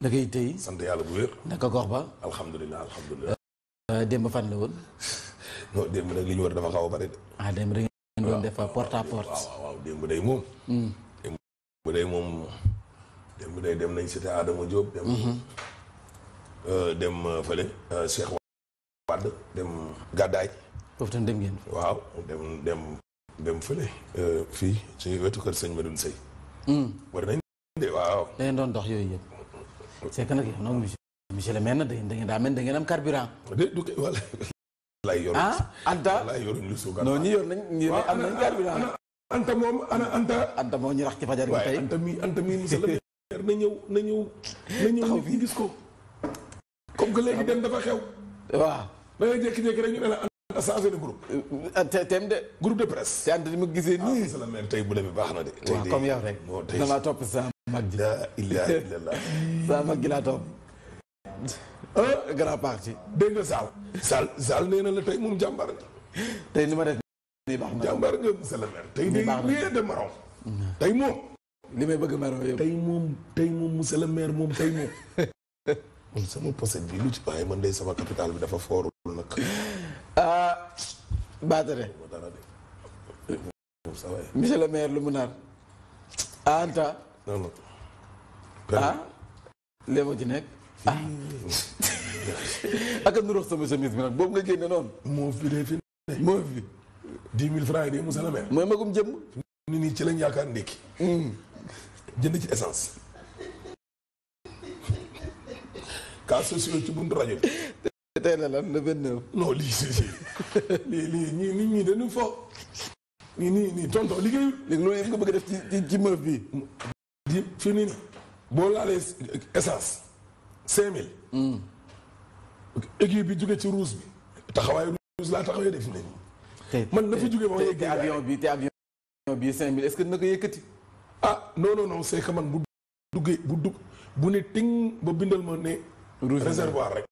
naka it tey. sant yàlla bu wér. naka gox ba. alhamdulilah alhamdulilah. Euh, démb fan la woon. non démb nag li ñu war dafa xaw a bari de. ah démb da ngeen doon def porte à porte. waaw waaw démb hmm. dem dem dem fële euh, fii ci wetu kër sëñ Madoune Seye. Hmm. war nañ de waaw. da doon dox yooyu yëpp. c' est que nag yow nag monsieur da da ngeen am carburant. du ko ah, Anta laay yor ñu suukar. non ñi yor nañ ñi am nañ moom ana Anta. Anta moom ñu rax ci fajar gi tey Anta mi Anta mi na ñëw na ñëw. na ñëw ñu gis ko. comme que léegi dem dafa xew. waaw da ngay jékki-jékki rek de groupe. Euh, te thème de. groupe de presse. te Anta ni ma gisee ah, nii. tey bu demee baax na de. comme yow rek. damaa topp sa mag ji laa ilaaha illallaah saa mag ji laa toog ah, grand parti dégg nga Sall Sall Sall nee na la tey moom jàmbaar nga tey ni ma def nii baax na jàmbaar nga monsieur le maire tey nii de maron tey moom li may bëgg maron yow tey moom tey moom monsieur le maire moom tey moom man sama poset bi lu ci waaye man day sama capital bi dafa foorul nag ah baatare monsieur le maire lu mu naan ah, anta non non. ah. léegi ci nekk ah. ak nu rox sama chemise bi nag boobu nga génne noonu. moo fi dee fi moo fi. dix mille francs yi mooy magum jëmm. nit ñi ci lañ yaakaar ndékki. Hmm. jënd ci essence. cas sociaux ci buntu rajo bi. tey la lan le vingt neuf. non lii lii lii nii nii tonton liggéeyul. léegi loolu yëpp nga bëgg def ci ci meuf bi. ji fii nii boo laalee essence cinq mille équipe bi jóge ci ruus bi taxawaayu ruus laa taxawee de ne nii man na fi jóge ba ma yegg avion bi te avion bi cinq mille est-ce que dina ko yëkkati ah non non man bu duggee bu dugg bu ne ting ba bindal ma ne réservoir rek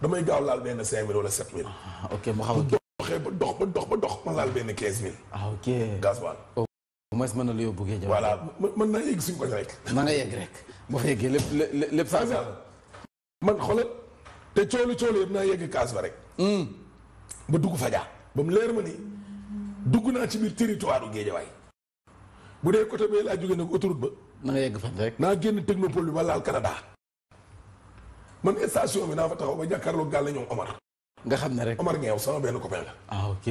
damay gaaw laal benn cinq mille wala sept mille ah, ok ba dox ba dox ba dox ma laal benn quinze mille ah ok gasoil moins mën na la yóbbu géej. voilà mën naa yegg rek. mën na yegg rek boo yeggee lépp lépp saa man xole te coolu coolu yëpp naa yegg kaas ba rek. Hmm. ba dugg faja ba mu leer ma ni dugg naa ci biir territoire u géejawaay bu dee côté bee laa jógee nag autoroute ba. na nga yegg fan rek. naa génn technopole bi ba laal Canada. man station bi naa fa taxaw ba jàkkaarloo gàll ñoom Omar. nga xam ne rek Omar Ngeew sama benn copain la. Ah, ok.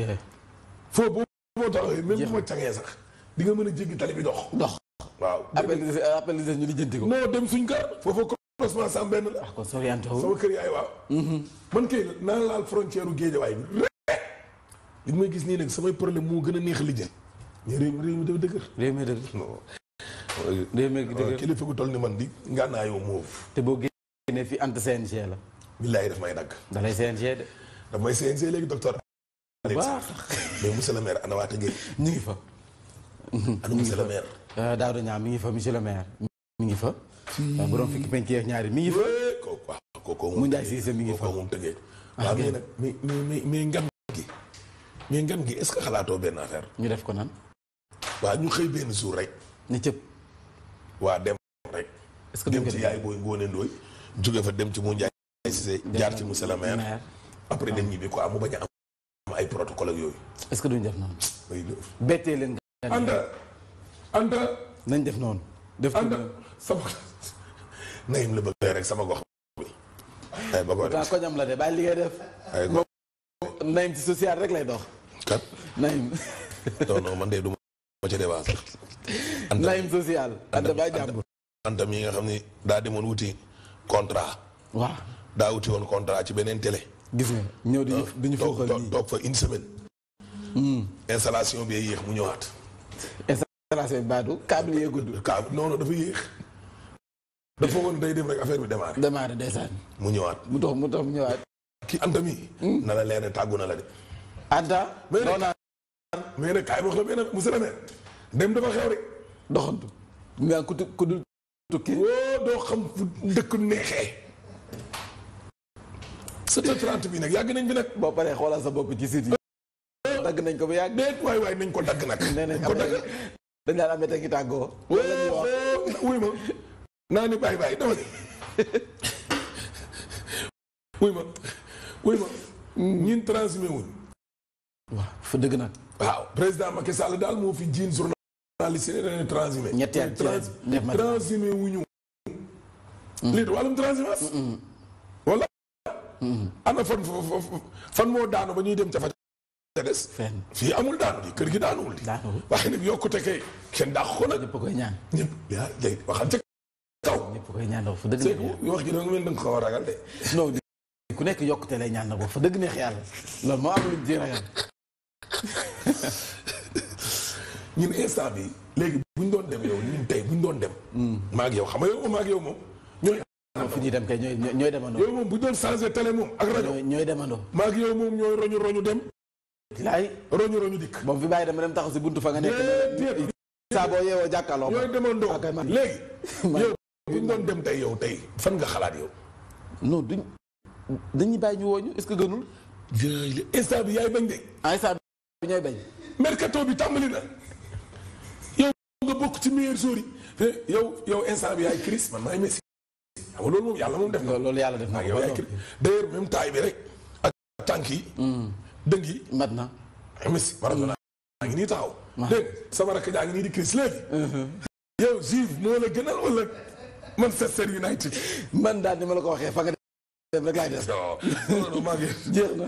foo boo boo taxawee même bu ma cangee sax. li nga mën a jéggi tali bi dox. dox waaw. appel di appel di ñu lijjanti ko. non dem suñ kër foofa croisement sam benn la. ah kon soriante wu sama kër yaay waaw. Mm-hmm. man kay gis nii nag samay problème moo gën a neex li jël. mais réew mi réew mi dafa dëgër. réew mi euh, man di nga naa te boo génnee fi anti CNG la. billaay def may dagg. da lay CNG de. daf may CNG léegi docteur. bu mais monsieur le maire ana waate ngeen. ñu ngi fa. ak monsieur le maire. Euh, mi ngi fa monsieur le maire. mi ngi fa. Euh, borom fukki mi ngi mu Ndiaye mi ngi fa ah, mais nag gi. est-ce que xalaatoo benn affaire. ñu def ko nan. waaw ñu xëy benn rek. ni waa dem rek. est que dem ci yaay booy Ngoné dem ci mu Ndiaye Cissé jaar ci monsieur le maire. après ah. dem ñibbi quoi mu bañ a am ay protocole yooyu. est-ce que duñ def noonu. bettee leen anda anda nañ def noonu. def anda sama nayim la bëgg rek sama gox bi. ay ba ko def ko ñam la de bàyyi li ngay def. ay gox nayim ci rek lay dox. kat nayim. non man de du ma ci débat sax. nayim social. anda bàyyi jàmbur anta mi nga xam ni daa demoon wuti contrat. waaw daa wuti woon contrat ci beneen télé. gis nga ñëw di ñu di ñu fooxal toog fa une hmm. installation bi yéex mu ñëwaat. installation baadu câble yee gudd. câble non dafa yéex. dafa woon day dem rek affaire bi démarré. démarré ndeysaan. mu ñëwaat mu toog mu toog mu ñëwaat. kii Anta mi. Hmm? na la leer ne tàggu na la de. Anta. mais nag mais nag kaay wax la dem dafa xew rek. doxantu. mu ngi ku ku dul woo doo xam fu dëkk neexee. sept heures trente bi nag yàgg nañ bi nag. boo paree xoolal sa bopp ci site dagg nañ ko ba yàgg. déet waay waay nañ ko dagg nag. nee nañ ko dagg dañ daan amee tekki tàggoo. wuy ma naa ni bàyyi dëgg nag. waaw président Macky Sall daal moo fi jiin journaliste yi dañuy transmet. ñetti at ana fan fan moo daanu ba ñuy dem ca faj. te des. fenn fii amul daanu li kër gi daanuwul li. daanuwul waaye nag yokkute kay kenn dàq ko nag. ñëpp koy ñaan ñëpp yaa day waxal ca kaw. ñëpp koy ñaan fa dëgg la wax da nga ko war ragal de. non ku nekk yokkute lay ñaan na ko fa dëgg neex yàlla loolu moo am ñun instant bi léegi buñ doon dem yow ñun tey buñ doon dem. Hmm. maa yow xam nga yow ak yow moom ñooy. fu ñuy dem kay ñooy ñooy demandoo. yow moom bu ñu doon changé télé moom ak rajo. ñooy demandoo. maa yow moom ñooy roñu roñu dem. laay roñu roñu dikk. moom fi bàyyi dama dem taxaw si buntu fa nga nekk. léegi saa boo yeewoo jàkkaarloo. yooyu demoon doo léegi. yow bu ñu doon dem tey yow tey fan nga xalaat yow. non duñ dañuy bàyyi ñu woo ñu est-ce que gënul. jërëjëf instant bi yaay bañ de. Ah, instant bi ñooy bañ. mercato bi tàmbali na. yow nga bokk ci meilleur jour yi. Eh, yow yow instant bi yaay Chris man maay Messi. loolu moom yàlla moom def na. loolu yàlla def na ko yow yaay Chris d'ailleurs même dëng yi. maintenant Messi Maradona maa nii taxaw. dégg sama rakk jaa ngi nii di Chris léegi. Mhm. yow Juve moo la gënal wala Manchester United. man daal ni ma la ko waxee fa nga dem rek laay des. non non maa ngi jeex na.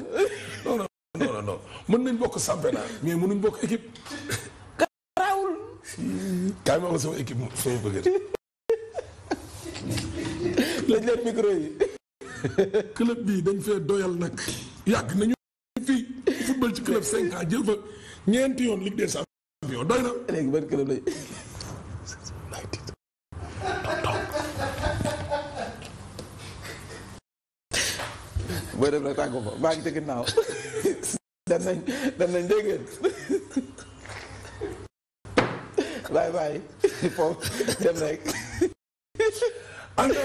non mën nañ bokk championnat ma ko sama équipe moom soo bëggee. lañ leen micro yi. club bii dañ fee doyal nag yàgg nañu. football ci club 5 ans jël fa ñeenti yoon Ligue des champions doy na. dem nañ dem nañ dégg foofu dem rek. Anta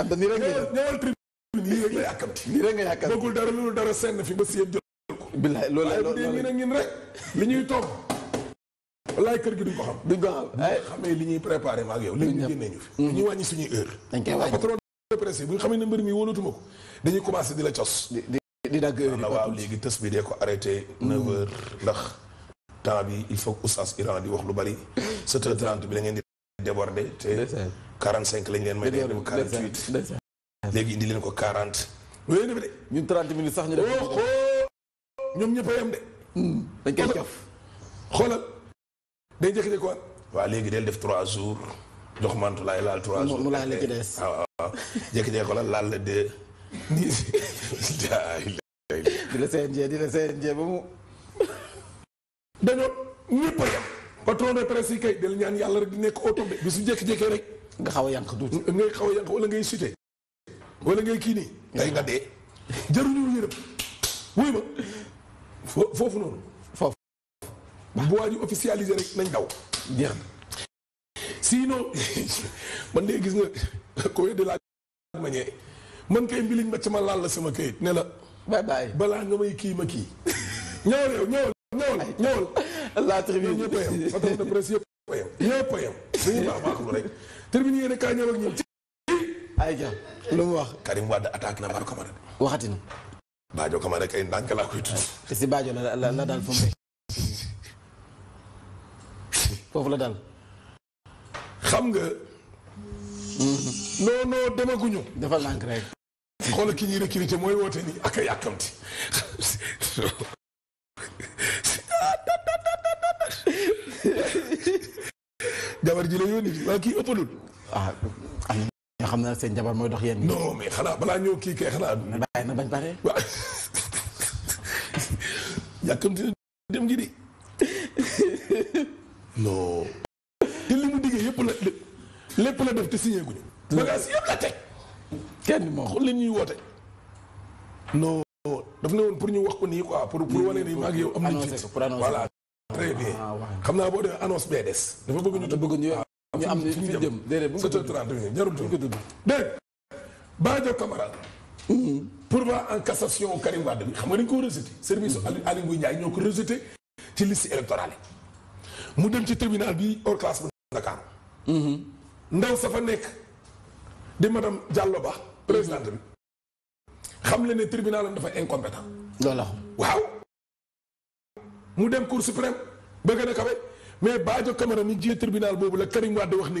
Anta nii rek nga. ñëwal tribune yàkkamti. nii rek nga yàkkamti bokkul dara loolu dara senn fi ba siyeen jot. bilaay loolu la loolu la ñun rek li ñuy toog. wallaay kër gi duñ ko xam. duñ ko xam ay li ñuy préparé ma ak yow. léegi ñu génnee ñu fi. ñu wàññi suñuy heure. bu ñu xamee ne mbir mi wóolatuma ko dañuy commencé di la cos. di di di dagg heure waaw léegi tës bi dee ko arrêté. 9 mm. heures ndax temps bi il faut que oustaz Iran di wax lu bari. 7 heures bi da ngeen di déborder te. 45 lañ leen may. dégg nga 48 léegi indi leen ko 40. loolu yëpp de ñun 30 minutes sax ñoom ñëpp a yem de. Hmm, dañ koy xoolal day jékki-jékki waat waaw léegi del def trois jours jox mantu laay laal trois jours mu laal la ah, ah, ah. la de nii di ba mu dañoo ñëpp patron de presse yi kay del ñaan yàlla rek di nekk au tombé bi su jékki-jékkee rek nga xaw a yànq tuuti ngay xaw a yànq ngay cité wala ngay kii nii ngay nga dee jaruñu yërëm wuy ma foofu noonu. foofu. bu waa ji officialisé rek nañ daw. jeex na sinon de gis nga ko de la manière man kay mbiliñ ma sama laal la sama kayit ne la. bye balaa nga may kii ma kii. ñëwal yow ñëwal ñëwal ñëwal. la tribune ñëpp a yem patron de presse yëpp a yem ñëpp a yem dañuy baax baaxlu rek tribune kaa ñëw ak lu mu wax. Karim Wade attaque na Maro baajo Camara rek ay ndànk laa koy tudd. te si Badio la la la foofu la daal. xam nga. non non demaguñu. dafa lànk rek. xoolal ki ñuy recruter mooy woote ni ak a yàkkamti. jabar ji la yónni waa kii ëppalul. Ah. xam naa seen jabar mooy dox yéen. non mais xanaa balaa ñëw kii kay xanaa. bàyyi na bañ pare. waaw yàkkamti na dem gi di non. te li mu diggee yëpp la lépp la def te signé guñu. bagages yëpp la teg. kenn moo xool li ñuy woote. non. daf ne woon pour ñu wax ko nii quoi pour pour wane ni ma ak yow am nañu fi voilà très bien ah, xam naa boo demee annonce bee des. dafa bëgg ñu te bëgg ñu ñu am ni fi jëm déedéet bu ñu ko tudd 30 minutes jarul tudd bu ñu ko tudd. Mm-hmm. ko rejeté. service Aly Ngouille Ndiaye ñoo ko rejeté ci liste électorale mu dem ci tribunal bi hors classe bu Dakar. Mm-hmm. ndaw sa fa nekk di madame Diallo Ba présidente bi. xam le ne tribunal am dafa incompétent. voilà waaw. mu dem cour suprême bëgg na kawe. mais Badio Camara mi jiite tribunal boobu la Karim Wade wax ni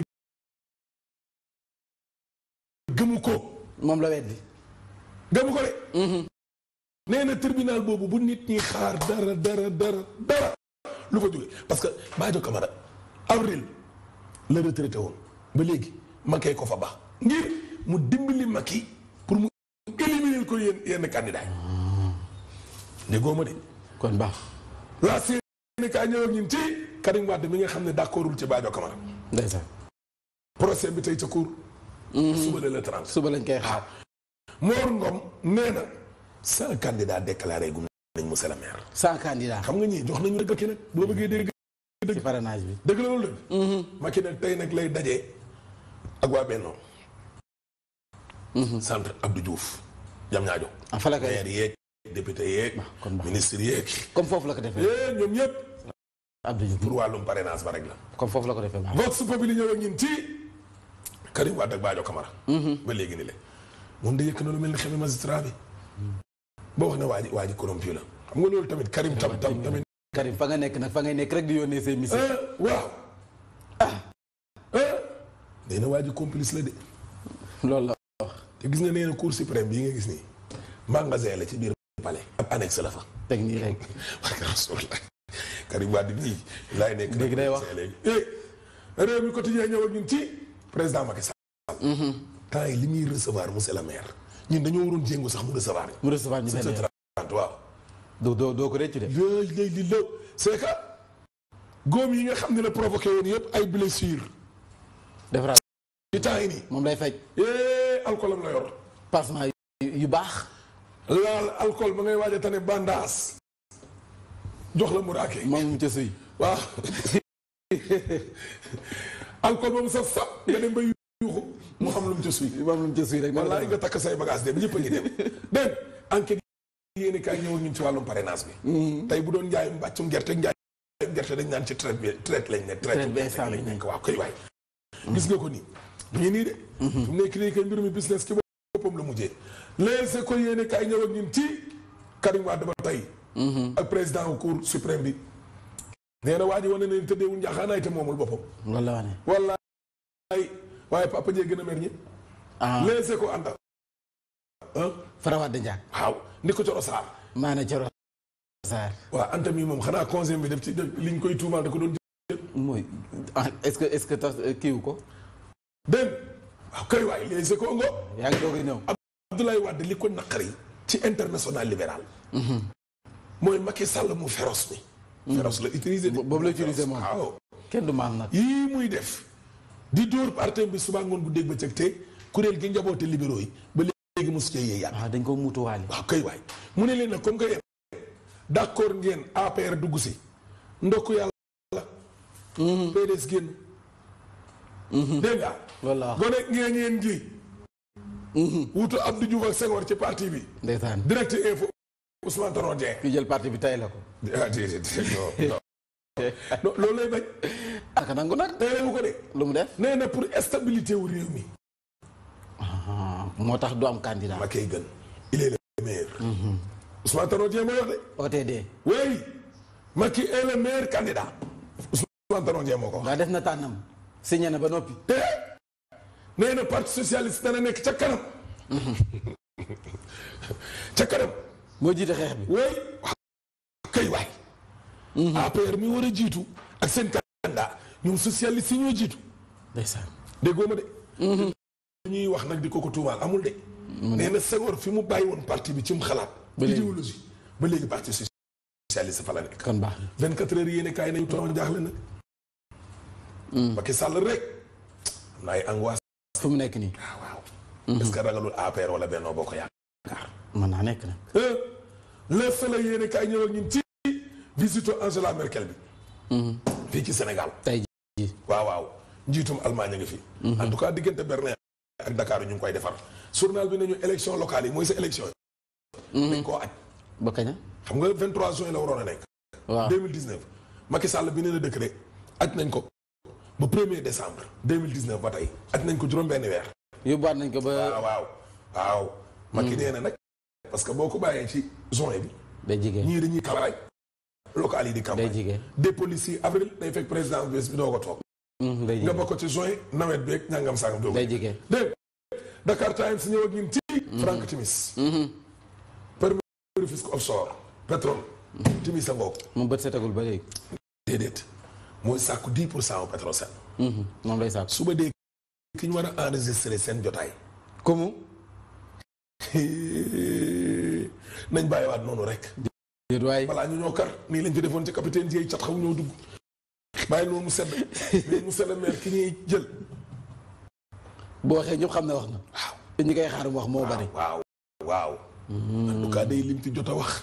gëmu ko. moom la weddi. gëmu ko de. Mhm. nee na boobu bu nit ñi xaar dara dara dara dara lu fa jóge parce que Badio Camara avril la retraité ba léegi Macky ko fa baax ngir mu dimbali Macky pour mu éliminer ko yenn yenn candidat mhm. ma de. kon baax. la CNK ñëw ak ñun ci. Karim Wade mi nga xam ne d'accordul ci Badio Camara. ndeysaan. procès bi mhm. suba lañ koy xaar. Ah. Mor Ngom nee na. sans candidat déclaré gu nañ monsieur le maire. sans candidat xam nga ñi jox nañu dëgg ki nag boo mhm. bëggee dégg. ci parrainage bi dëgg la loolu dëgg. Mhm. Macky nag tey nag lay dajee ak waa Benno. centre Abdou Diouf. jam ñaajo. ah ko la koy maire yeeg ministre yeeg. comme foofu la ko defee. Eh, ñoom ñëpp. Abdou ah, Diouf pour wàllum parrainage ba rek la. comme foofu la ko defee baax. vox populi ñëw ak ñun ci Karim Wade ak Badio Camara. Mhm. ba léegi ni le moom de yëkk na lu mel ni xeme magistrat bi. boo wax ne waa ji waa ji la xam nga loolu tamit Karim tam tam tamit. Karim fa nga nekk nag fa ngay nekk rek di yónnee say messages. Eh, waaw. Eh, nee na waa complice la de. loolu la wax. te gis nga nee na cour suprême bii nga gis nii. magasin la ci biir palais. ab annexe la fa. Karim Wade bii laay nekk. léegi day wax léegi eh, réew mi quotidien ñëw ak ñun ci président Macky Sall. Mm-hmm. temps yi li muy recevoir monsieur ñun dañoo waroon jéngu sax mu recevoir. mu recevoir ñu benn waaw. doo doo doo ko rëcc de. yooyu yi nga xam ne la provoqué yëpp ay blessures. defaraat yu temps yi nii. moom lay faj. Eh, alcool am la yor. parfum yu baax. laal alcool ba ngay waaj a bandaas. jox la muraake maa ngi ca sëy waaw alcool ba mu saf saf nga dem xam lu mu ca suy mu xam lu rek wallaay takk say bagage dem ñëpp a ngi dem dégg enquête yéen kaay ñëwoon ñun ci wàllum parrainage bi mm-hmm. tey bu doon njaayum mbàccum gerte njaayum gerte dañ naan ci traite bi traite lañ ne traite lañ ne ko waaw koy waay mm-hmm. gis nga ko nii ñu nii de su mm-hmm. mu nekk nii kay mbirum business ci boppam la mujjee léegi sa ko yéen kaay ñëwoon ñun ci Karim Wade ba tey Mm-hmm. ak président wu cour suprême bi nee na waa ji wane ne tëddeewul waaye papa jee gën ah. ko ànda farawaat de njaag waaw ni ko coro maana coro saar anta mi moom xanaa conseil bi def ci liñ koy tuumaal da ko doon jël mooy ah, est-ce que est-ce que tax euh, kiiw ko dégg waaw kay waay leese ko ngo yaa ngi a li ko naqari ci international libéral mm-hmm. mooy Macky Sall mu féroce ni mm. féroce la utiliser boobu la utiliser moom waaw kenn du maam nag yii muy def di dóor partem bi suba ngoon bu dégg ba cëg te kuréel gi njaboote libéraux yi ba léegi mosu cee yee yàgg ah, dañ ko muutuwaale waaw kay waay mu ne leen nag comme que yéen d'accord ngeen APR dugg si ndokku yàlla mm-hmm. PDS génn mm-hmm. dégg nga mm-hmm. wutu Abdou Diouf ak Senghor ci parti bi direct info Ousmane parti bi tay la ko. ah déedéet non non. loolu lay bañ. ak nangu nag. nee na ko de. lu mu def nee pour stabilité wu réew mi. Ah, moo tax du am candidat. ma koy mm-hmm. de. candidat. Ousmane def na tànnam. signé na ba noppi. te nee parti socialiste dana nekk ca kanam. Mm-hmm. ca kanam. moo jiite xeex bi oui kay mhm. APR mi war a jiitu ak seen candidat ñoom socialiste yi ñoo jiitu ndeysaan déggoo ma de mhm. ñuy wax nag di ko ko tuumaal amul de mhm. nee na fi mu bàyyi woon parti bi ci xalaat idéologie ba léegi parti socialiste fa la nekk kon baax vingt quatre heures yéene kaay nañu toog jaaxle nag Macky Sall rek am mu nekk nii ah, waaw waaw ragalul APR wala Benno Bokk Yaakaar mën naa nekk nag l'instant la yéene kaay ñëwal ñun ci visite Angela Merkel bi. Mhm. fii ci Sénégal. tey jii waaw waaw njiitum Allemagne a ngi fi. Mhm. en tout diggante Berlin ak Dakar ñu ngi koy defar. journal bi nañu élection locale yi mooy sa élection nañ mhm. ko koo aj ba xam nga 23 juin la waroon a nekk. waaw 2019 Macky Sall bi nee na décret aj nañ ko bu ba 1er décembre 2019 ba tey aj nañ ko juróom benni weer. yóbbuwaat nañ ko ba waaw waaw. waaw Macky nee na nag parce que boo ko bàyyee ci juin bi. day jigéen ñii dañuy campagne. local yi di campagne. day jigéen des policiers day fekk président bés bi doo ko toog. Mm, day jigéen nga bokk ci juin nawet beeg ñàngam sàngam doo ko. day jigéen dégg Dakar Times ñëw ak ñun ci. Mm-hmm. Frank Timis. Mm-hmm. permis fisc offshore pétrole. Mm-hmm. Timis la ngoog. moom bët setagul ba léegi. déedéet mooy sàkku di pour cent au Petrosen. moom lay sàkku. suba dee ki ñu war a enregistré seen jotaay. comme. nañ waat noonu rek. jërëjëf voilà ñu ñoo kar nii lañ ko defoon ci capitaine Dieye cat xaw ñoo dugg. bàyyi loolu mu sedd mais monsieur le ñuy jël. boo waxee ñëpp xam ne wax na. waaw te ñi koy xaar wax moo bari. waaw waaw. Hmm. en day lim ci jot a wax.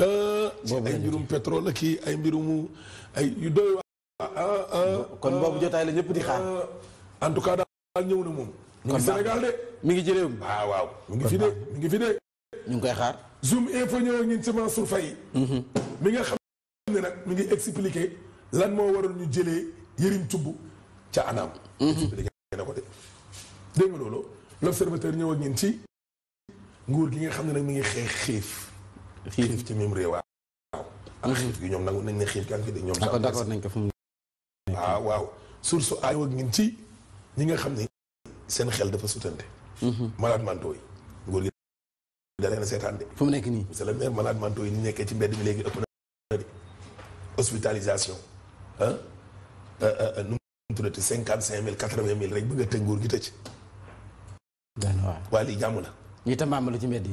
Euh, ci ay mbirum pétrole ay mbirum ay yu doy ah, ah, ah, boobu jotaay la ñëpp di xaar. Euh, en tout cas daal ñëw na moom. kon Sénégal de. mi ngi ci réew mi waaw waaw mi ngi fi de mi ngi fi de ñu ngi koy xaar zoom info ñëw ñun ci Mansour Faye mhm. mi nga xam ne mi ngi expliquer lan moo waral ñu jëlee Yërim Cubb ca anam mhm. expliqué na ko de dégg nga loolu l'observateur ci nguur gi nga xam ne nag mi ngi xeex xiif xiif ci même réew waaw ak ah, mhm. xiif gi ñoom nangu nañ ne xiif gi am fi de ñoom d'accord nañ ko fu mu waaw ah, waaw source a ñëw ak ci ñi nga xam ne seen xel dafa sutante malade mentaux yi nguur mu nekk nii c'est le maire malade mentaux yi ñu nekkee ci mbedd mi léegi ëpp na de hospitalisation ah nu mu cinquante cinq mille quatre mille rek bëgg a nguur gi tëj waa lii jàmm la ñuy tambaamalu ci mbedd yi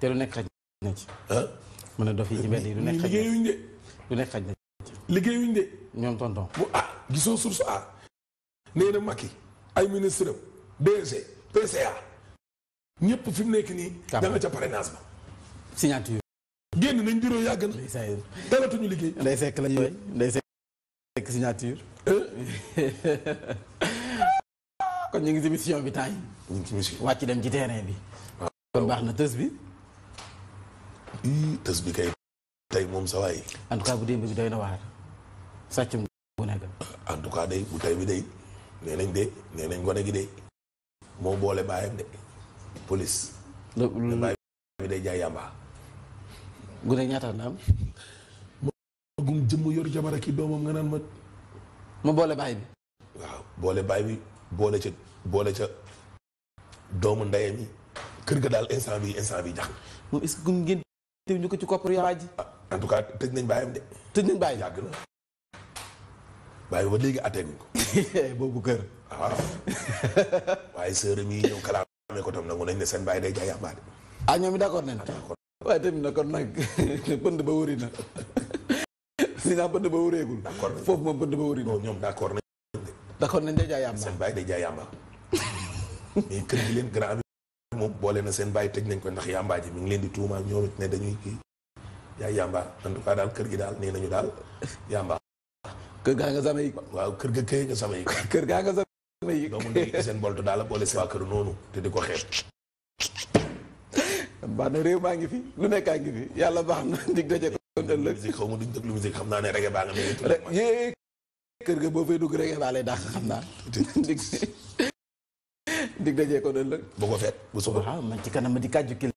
te lu nekk xaj na ci mën a dof yi ci mbedd yi lu nekk xaj na ci lu liggéeyuñ de ñoom tonton bu ah gisoo source a ah. nee na Macky ay ministre PCA ñëpp fi mu nekk nii. da nga ca parrainage ba. signature. génn nañ bureau yàgg na. dalatuñu liggéey. nday sekk la ñuy nday sekk signature. Eh? kon ñu ngi ci mission bi temps yi. ci wàcc dem ci terrain bi. kon baax na tës bi. tës bi kay. tey moom sa waay. en tout cas bu démb bi doy na waar. sàccum bu nekk. en tout bu tey bi day nee nañ de nee nañ gone gi de. moo boole baayam de police. loolu baay bi day jaay yàmba. gune ñaata na am. yor jabar ak i doomam nga naan ma. boole baay bi. waaw boole baay boole ca boole ca doomu ndeyam yi kër ga daal instant bi instant bi jax moom est-ce ngeen teew ñu ko ci koppar yaa ji. en tout cas tëj nañ baayam de. tëj nañ baay yàgg ba léegi atteeguñ ko. boobu kër. waaw waaye sërëm yi ñëw kalaame ko tam nangu nañ ne seen bàyyi day jaay yàmbaade ah ñoom de d'accord nañ waaye tamit na kon nag pënd ba wëri na si naa pënd ba na ñoom d'accord nañ day jaay yàmba seen jaay yàmba mais kër gi leen grand bi moom boole na seen bàyyi tëj nañ ko ndax yàmbaa ji mi ngi leen di tuumaa ñoom it ne dañuy kii yaay yàmba daal kër gi daal nee nañu daal yàmba kër gaa nga sama waaw kër ga këy nga sama kër gaa nga sama doomu ndey Usain Bolt daal la boole si waa kër noonu te di ko xeeb. baax na réew maa ngi fi lu nekkaa ngi fi yàlla baax na dig daje ko. musique xaw ma duñ déglu musique xam naa ne reggae baa nga mel. kër ga boo fay dugg reggae baa lay dàq xam naa. dig dig daje ko ëllëg. boo ko feet bu soobee. waaw man ci kanam di kàjju